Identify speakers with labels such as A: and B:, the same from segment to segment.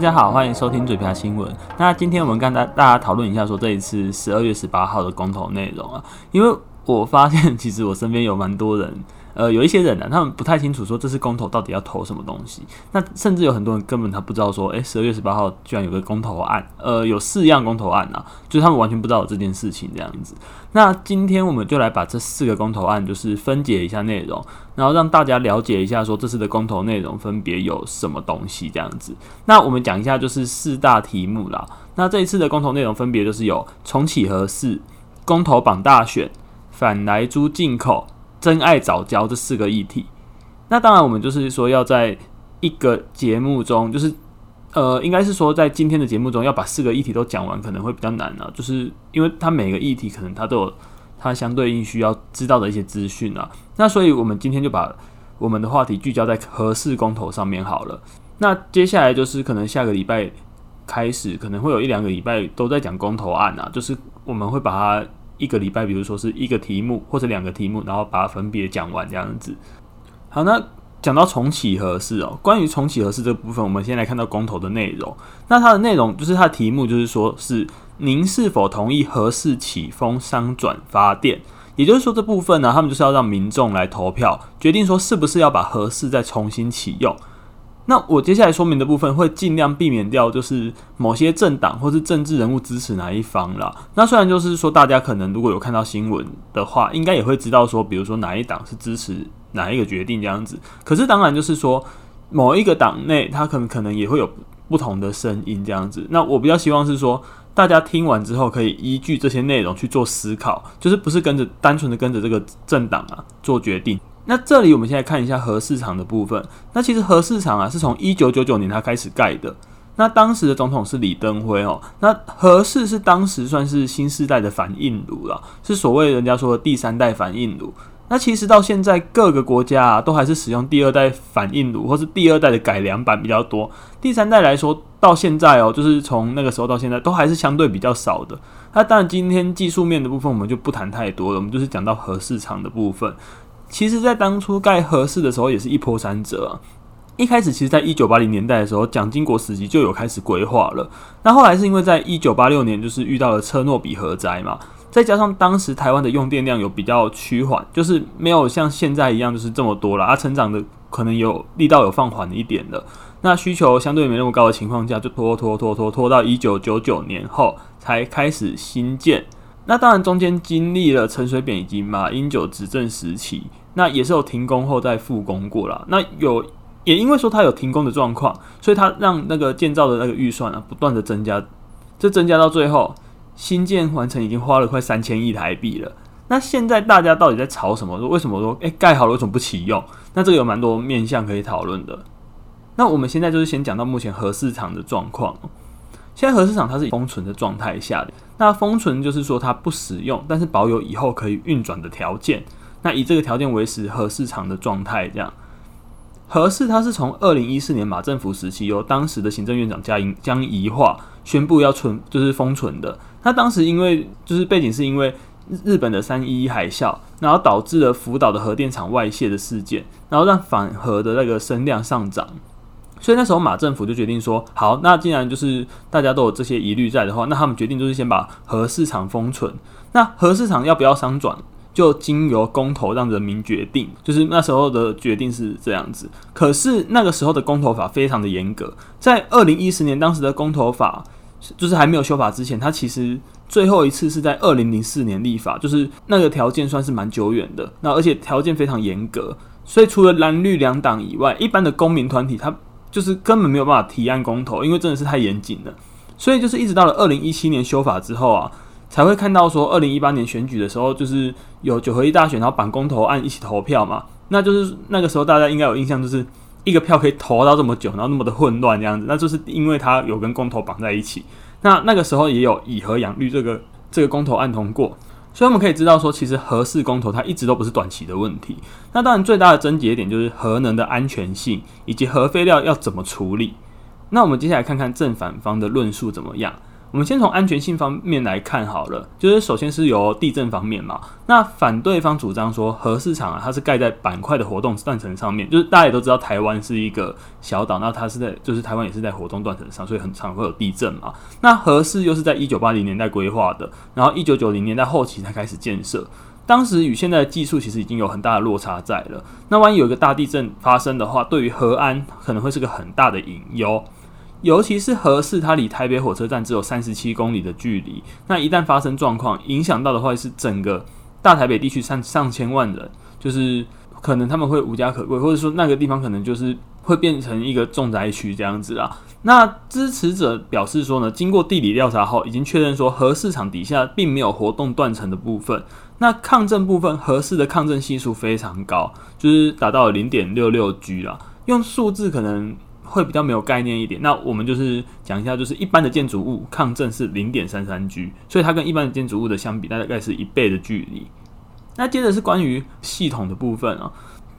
A: 大家好，歡迎收聽嘴 ㄆㄧㄚˊ 的新聞。那今天我們跟大家大家討論一下，說這一次十二月十八號的公投內容啊，因為我發現其實我身邊有蠻多人。呃，有一些人呢、啊，他們不太清楚說這次公投到底要投什麼東西。那甚至有很多人根本他不知道說，誒、欸，十二月十八號居然有個公投案，呃，有四樣公投案呢、啊，就他們完全不知道有這件事情這樣子。那今天我們就來把這四個公投案就是分解一下內容，然後讓大家了解一下說這次的公投內容分別有什麼東西這樣子。那我們講一下就是四大題目啦。那這一次的公投內容分別就是有重啟核四、公投綁大選、反萊豬進口。真愛早教這四個議題，那當然我們就是說要在一個節目中，就是呃，應該是說在今天的節目中要把四個議題都講完，可能會比較難呢、啊。就是因為它每個議題可能它都有它相對應需要知道的一些資訊啊。那所以我們今天就把我們的話題聚焦在核四公投上面好了。那接下來就是可能下個禮拜開始，可能會有一兩個禮拜都在講公投案啊。就是我們會把它，一個禮拜，比如說是一個題目或者兩個題目，然後把它分別講完這樣子。好，那講到重啟核四哦。關於重啟核四這部分，我們先來看到公投的內容。那它的內容就是它的題目，就是說是您是否同意核四啟封商轉發電，也就是說這部分呢、啊，他們就是要讓民眾來投票，決定說是不是要把核四再重新啟用。那我接下來說明的部分會盡量避免掉，就是某些政黨或是政治人物支持哪一方了。那雖然就是說大家可能如果有看到新聞的話，應該也會知道說，比如說哪一黨是支持哪一個決定這樣子。可是當然就是說，某一個黨內他可能可能也會有不同的聲音這樣子。那我比較希望是說，大家聽完之後可以依據這些內容去做思考，就是不是跟着單純的跟着這個政黨啊做決定。那這裡我們先來看一下核四廠的部分。那其實核四廠啊，是從一九九九年它開始蓋的。那當時的總統是李登輝哦。那核四是當時算是新世代的反應爐了，是所謂人家說的第三代反應爐。那其實到現在各個國家啊，都還是使用第二代反應爐，或是第二代的改良版比較多。第三代來說，到現在哦，就是從那個時候到現在，都還是相對比較少的。那當然今天技術面的部分，我們就不談太多了，我們就是講到核四廠的部分。其實，在當初蓋核四的時候，也是一波三折，啊。一開始，其實，在一九八零年代的時候，蔣經國時期就有開始規劃了。那後來是因為在一九八六年，就是遇到了車諾比核災嘛，再加上當時台灣的用電量有比較趨緩，就是沒有像現在一樣就是這麼多了，它成長的可能有力道有放緩一點的。那需求相對沒那麼高的情況下，就拖拖拖拖拖到一九九九年後才開始新建。那當然，中間經歷了陳水扁以及馬英九執政時期，那也是有停工後再復工過啦。那有也因為說他有停工的狀況，所以他讓那個建造的那個預算啊不斷的增加，這增加到最後，新建完成已經花了快三千億台幣了。那現在大家到底在吵什麼？說，為什麼說誒，蓋好了為什麼不啟用？那這個有蠻多面向可以討論的。那我們現在就是先講到目前核四廠的狀況。現在核四廠它是以封存的狀態下的，那封存就是說它不使用，但是保有以後可以運轉的條件。那以這個條件維持核四廠的狀態，這樣核四它是從二零一四年馬政府時期由當時的行政院長江宜樺宣布要存，就是封存的。它當時因為就是背景是因為日本的三一一海嘯，然後導致了福島的核電廠外洩的事件，然後讓反核的那個聲量上漲。所以那時候馬政府就決定說：“好，那既然就是大家都有這些疑慮在的話，那他們決定就是先把核四廠封存。那核四廠要不要商轉，就經由公投讓人民決定。就是那時候的決定是這樣子。可是那個時候的公投法非常的嚴格，在二零一四年當時的公投法就是還沒有修法之前，它其實最後一次是在二零零四年立法，就是那個條件算是蠻久遠的。那而且條件非常嚴格，所以除了藍綠兩黨以外，一般的公民團體它就是根本沒有辦法提案公投，因為真的是太嚴謹了。所以就是一直到了二零一七年修法之後啊，才會看到說二零一八年選舉的時候，就是有九合一大選，然後綁公投案一起投票嘛。那就是那個時候大家應該有印象，就是一個票可以投到這麼久，然後那麼的混亂這樣子。那就是因為它有跟公投綁在一起。那那個時候也有以核養綠這個這個公投案通過。所以我們可以知道說，其實核四公投它一直都不是短期的問題。那當然最大的症結點就是核能的安全性以及核廢料要怎麼處理。那我們接下來看看正反方的論述怎麼樣。我們先從安全性方面來看好了，就是首先是由地震方面嘛。那反對方主張說，核四廠啊，它是蓋在板塊的活動斷層上面，就是大家也都知道，台灣是一個小島，那它是在，就是台灣也是在活動斷層上，所以很常會有地震嘛。那核四又是在一九八零年代規劃的，然後一九九零年代後期才開始建設，當時與現在的技術其實已經有很大的落差在了。那萬一有一個大地震發生的話，對於核安可能會是個很大的隱憂。尤其是核四，它離台北火車站只有三十七公里的距離。那一旦發生狀況，影響到的話是整個大台北地區上上千萬人，就是可能他們會無家可歸，或者說那個地方可能就是會變成一個重災區這樣子啦。那支持者表示說呢，經過地理調查後，已經確認說核四廠底下並沒有活動斷層的部分。那抗震部分，核四的抗震係數非常高，就是達到零點六六 G 了。用數字可能，會比較沒有概念一點，那我們就是講一下，就是一般的建築物抗震是零點三三 G，所以它跟一般的建築物的相比，那大概是一倍的距離。那接着是關於系統的部分啊，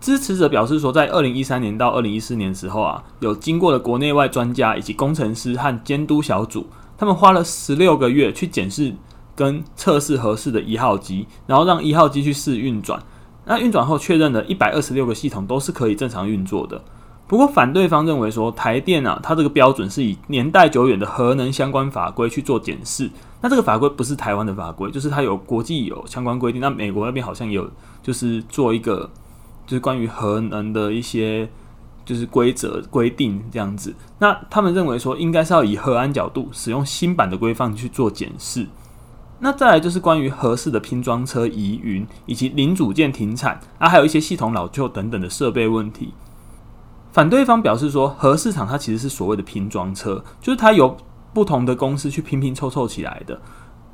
A: 支持者表示說，在二零一三年到二零一四年的時候啊，有經過了國內外專家以及工程師和監督小組，他們花了十六個月去檢視跟測試合適的一號機，然後讓一號機去試運轉，那運轉後確認了一百二十六個系統都是可以正常運作的。不過，反對方認為說，台電啊，它這個標準是以年代久遠的核能相關法規去做檢視，那這個法規不是台灣的法規，就是它有國際有相關規定。那美國那邊好像有，就是做一個，就是關於核能的一些就是規則規定這樣子。那他們認為說，應該是要以核安角度，使用新版的規範去做檢視。那再來就是關於核四的拼裝車疑雲，以及零組件停產，啊，還有一些系統老舊等等的設備問題。反對方表示說，核四廠它其實是所謂的拼裝車，就是它由不同的公司去拼拼湊湊起來的。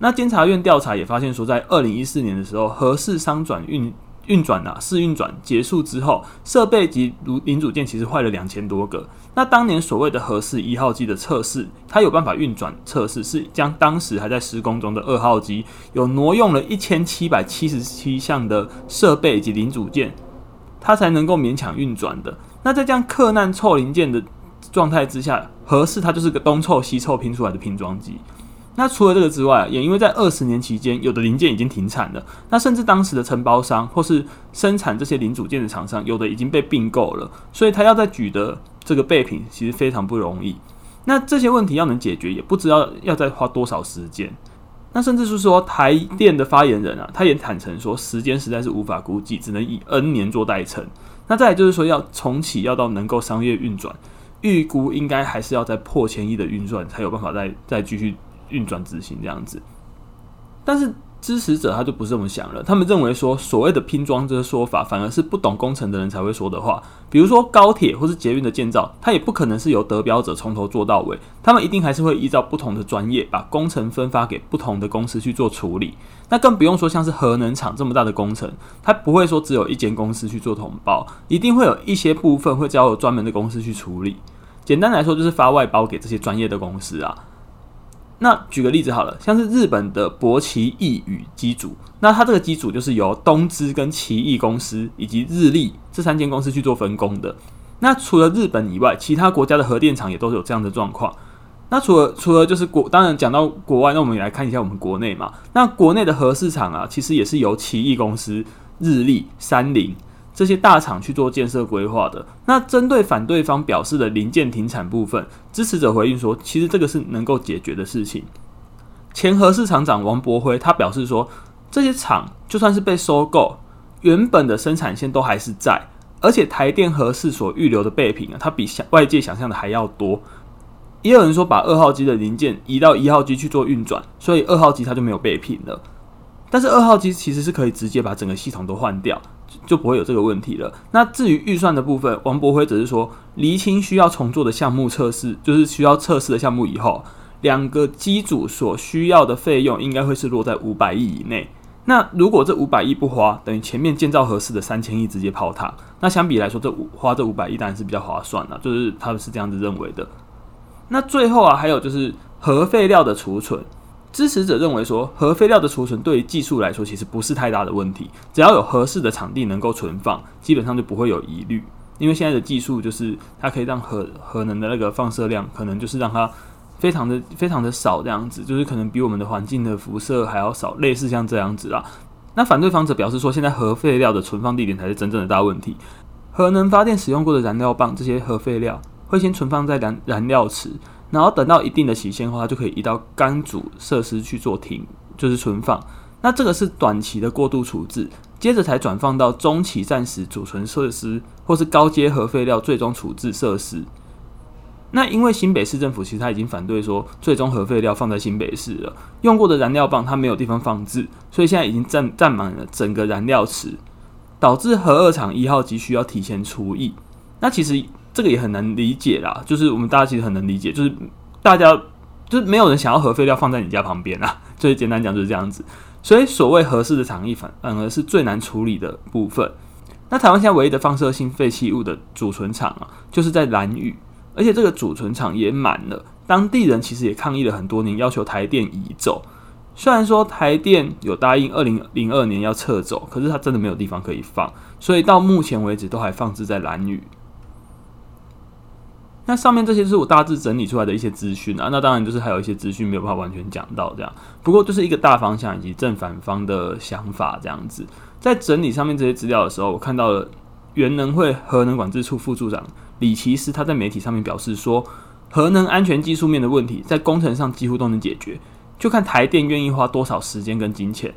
A: 那監察院調查也發現說，在二零一四年的時候，核四商轉運運轉吶試運轉結束之後，設備及如零組件其實壞了兩千多個。那當年所謂的核四一號機的測試，它有辦法運轉測試，是將當時還在施工中的二號機有挪用了一千七百七十七項的設備及零組件，它才能夠勉強運轉的。那在這樣克難湊零件的狀態之下，核四它就是個東湊西湊拼出來的拼裝機。那除了這個之外，也因為在二十年期間，有的零件已經停產了。那甚至當時的承包商或是生產這些零組件的廠商，有的已經被併購了，所以他要再舉的這個備品，其實非常不容易。那這些問題要能解決，也不知道要再花多少時間。那甚至是說台電的發言人啊，他也坦承說，時間實在是無法估計，只能以 N 年做代稱。那再來就是說，要重啟，要到能夠商業運轉，預估應該還是要再破千億的運算，才有辦法再再繼續運轉執行這樣子。但是。支持者他就不是這麼想了，他們認為說所謂的拼裝這個說法，反而是不懂工程的人才會說的話。比如說高鐵或是捷運的建造，它也不可能是由得標者從頭做到尾，他們一定還是會依照不同的專業，把工程分發給不同的公司去做處理。那更不用說像是核能廠這麼大的工程，它不會說只有一間公司去做統包，一定會有一些部分會交由專門的公司去處理。簡單來說，就是發外包給這些專業的公司啊。那舉個例子好了，像是日本的柏崎刈羽機組，那它這個機組就是由東芝跟奇異公司以及日立這三間公司去做分工的。那除了日本以外，其他國家的核電廠也都是有這樣的狀況。那除了除了就是國，當然講到國外，那我們也來看一下我們國內嘛。那國內的核四廠啊，其實也是由奇異公司、日立、三菱。這些大廠去做建設規劃的。那針對反對方表示的零件停產部分，支持者回應說：“其實這個是能夠解決的事情。”前核四廠長王伯輝他表示說：“這些廠就算是被收購，原本的生產線都還是在，而且台電核四所預留的備品啊，它比想外界想象的還要多。”也有人說把二號機的零件移到一號機去做運轉，所以二號機它就沒有備品了。但是二號機其實是可以直接把整個系統都換掉。就不會有這個問題了。那至於預算的部分，王伯輝則是說，釐清需要重做的項目測試，就是需要測試的項目以後，兩個機組所需要的費用應該會是落在五百億以內。那如果這五百億不花，等於前面建造合適的三千億直接泡湯。那相比來說，這五花這五百億當然是比較划算了，就是他們是這樣子認為的。那最後啊，還有就是核廢料的儲存。支持者認為說，核廢料的儲存對於技術來說其實不是太大的問題，只要有合適的場地能夠存放，基本上就不會有疑慮。因為現在的技術就是它可以讓核核能的那個放射量可能就是讓它非常的非常的少這樣子，就是可能比我們的環境的輻射還要少，類似像這樣子啦。那反對方則表示說，現在核廢料的存放地點才是真正的大問題。核能發電使用過的燃料棒，這些核廢料會先存放在燃燃料池。然後等到一定的期限的話，就可以移到乾儲設施去做停，就是存放。那這個是短期的過渡處置，接着才轉放到中期暫時儲存設施，或是高階核廢料最終處置設施。那因為新北市政府其實他已經反對說，最終核廢料放在新北市了，用過的燃料棒它沒有地方放置，所以現在已經占占滿了整個燃料池，導致核二廠一號機需要提前除役。那其實。這個也很難理解啦，就是我們大家其實很能理解，就是大家就是沒有人想要核廢料放在你家旁邊啊，所以簡單講就是這樣子。所以所謂合適的場地，反而是最難處理的部分。那台灣現在唯一的放射性廢棄物的儲存場啊，就是在蘭嶼，而且這個儲存場也滿了，當地人其實也抗議了很多年，要求台電移走。雖然說台電有答應二零零二年要撤走，可是它真的沒有地方可以放，所以到目前為止都還放置在蘭嶼。那上面這些是我大致整理出來的一些資訊啊，那當然就是還有一些資訊沒有辦法完全講到這樣，不過就是一個大方向以及正反方的想法這樣子。在整理上面這些資料的時候，我看到了原能會核能管制處副處長李綺思，他在媒體上面表示說，核能安全技術面的問題在工程上幾乎都能解決，就看台電願意花多少時間跟金錢。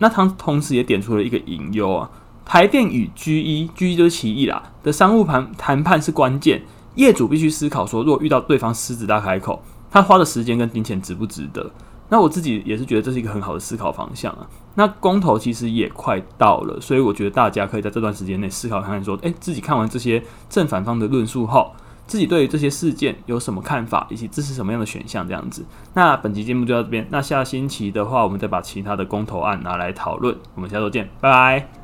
A: 那他同時也點出了一個隱憂啊，台電與 GE、GE 就是奇異啦的商務盤談判是關鍵。業主必須思考說，如果遇到對方獅子大開口，他花的時間跟金錢值不值得？那我自己也是覺得這是一個很好的思考方向啊。那公投其實也快到了，所以我覺得大家可以在這段時間內思考看看，說，誒，自己看完這些正反方的論述後，自己對於這些事件有什麼看法，以及支持什麼樣的選項？這樣子。那本期節目就到這邊，那下星期的話，我們再把其他的公投案拿來討論。我們下周見，拜拜。